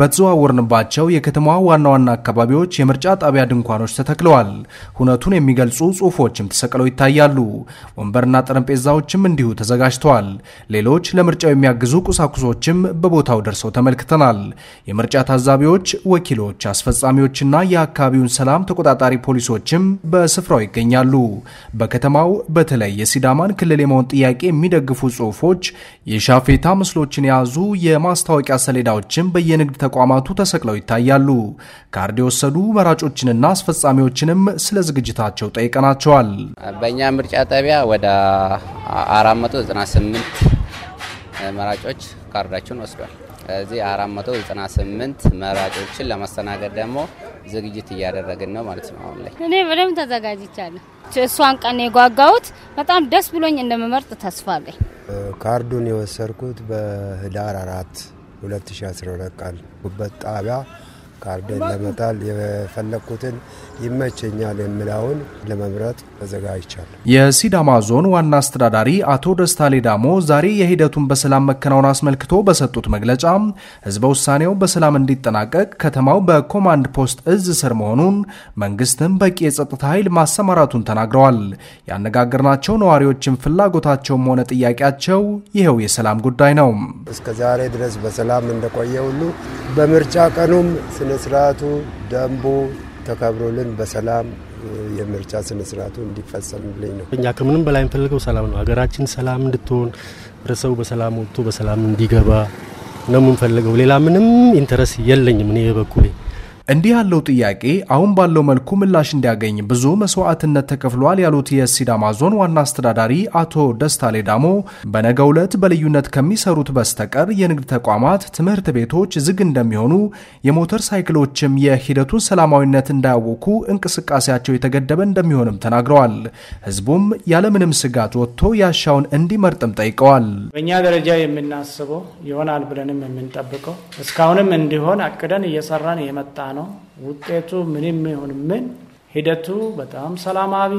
በተዘዋወርንባቸው የከተማዋ ዋና ዋና አካባቢዎች የምርጫ ጣቢያ ድንኳኖች ተተክለዋል። ሁነቱን የሚገልጹ ጽሁፎችም ተሰቅለው ይታያሉ። ወንበርና ጠረጴዛዎችም እንዲሁ ተዘጋጅተዋል። ሌሎች ለምርጫው የሚያግዙ ቁሳቁሶችም በቦታው ደርሰው ተመልክተናል። የምርጫ ታዛቢዎች፣ ወኪሎች፣ አስፈጻሚዎችና የአካባቢውን ሰላም ተቆጣጣሪ ፖሊሶችም በስፍራው ይገኛሉ። በከተማው በተለይ የሲዳማን ክልል የመሆን ጥያቄ የሚደግፉ ጽሁፎች የሻፌታ ምስሎችን የያዙ የማስታወቂያ ሰሌዳዎችም በየንግድ ተቋማቱ ተሰቅለው ይታያሉ። ካርድ የወሰዱ መራጮችንና አስፈጻሚዎችንም ስለ ዝግጅታቸው ጠይቀናቸዋል። በእኛ ምርጫ ጣቢያ ወደ 498 መራጮች ካርዳቸውን ወስዷል። እዚህ 498 መራጮችን ለማስተናገድ ደግሞ ዝግጅት እያደረግን ነው ማለት ነው። አሁን ላይ እኔ በደንብ ተዘጋጅቻለሁ። እሷን ቀን የጓጓሁት በጣም ደስ ብሎኝ እንደመመርጥ ተስፋ አለኝ። ካርዱን የወሰድኩት በህዳር አራት 2012 ቃል ጉበት ጣቢያ ካርደን ለመጣል የፈለግኩትን ይመቸኛል የምላውን ለመምረጥ ተዘጋጅቻል የሲዳማ ዞን ዋና አስተዳዳሪ አቶ ደስታ ሌዳሞ ዛሬ የሂደቱን በሰላም መከናወን አስመልክቶ በሰጡት መግለጫ ህዝበ ውሳኔው በሰላም እንዲጠናቀቅ ከተማው በኮማንድ ፖስት እዝ ስር መሆኑን መንግስትም በቂ የጸጥታ ኃይል ማሰማራቱን ተናግረዋል። ያነጋገርናቸው ነዋሪዎችን ፍላጎታቸውም ሆነ ጥያቄያቸው ይኸው የሰላም ጉዳይ ነው። እስከ ዛሬ ድረስ በሰላም እንደቆየ ሁሉ በምርጫ ቀኑም ስነስርዓቱ ደንቡ ተከብሮልን በሰላም የምርጫ ስነስርዓቱ እንዲፈጸምልኝ ነው። እኛ ከምንም በላይ የምፈልገው ሰላም ነው። ሀገራችን ሰላም እንድትሆን ህብረተሰቡ በሰላም ወጥቶ በሰላም እንዲገባ ነው የምንፈልገው። ሌላ ምንም ኢንተረስ የለኝም እኔ በበኩሌ እንዲህ ያለው ጥያቄ አሁን ባለው መልኩ ምላሽ እንዲያገኝ ብዙ መስዋዕትነት ተከፍሏል ያሉት የሲዳማ ዞን ዋና አስተዳዳሪ አቶ ደስታ ሌዳሞ በነገው ዕለት በልዩነት ከሚሰሩት በስተቀር የንግድ ተቋማት፣ ትምህርት ቤቶች ዝግ እንደሚሆኑ፣ የሞተር ሳይክሎችም የሂደቱን ሰላማዊነት እንዳያውኩ እንቅስቃሴያቸው የተገደበ እንደሚሆንም ተናግረዋል። ህዝቡም ያለምንም ስጋት ወጥቶ ያሻውን እንዲመርጥም ጠይቀዋል። በእኛ ደረጃ የምናስበው ይሆናል ብለንም የምንጠብቀው እስካሁንም እንዲሆን አቅደን እየሰራን የመጣ ነው። ውጤቱ ምንም ይሁን ምን ሂደቱ በጣም ሰላማዊ፣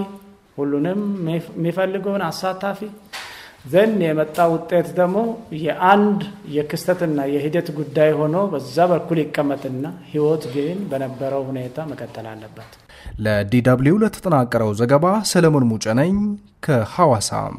ሁሉንም የሚፈልገውን አሳታፊ ዘን የመጣ ውጤት ደግሞ የአንድ የክስተትና የሂደት ጉዳይ ሆኖ በዛ በኩል ይቀመጥና ህይወት ግን በነበረው ሁኔታ መቀጠል አለበት። ለዲ ለተጠናቀረው ዘገባ ሰለሞን ሙጨነኝ ከሐዋሳም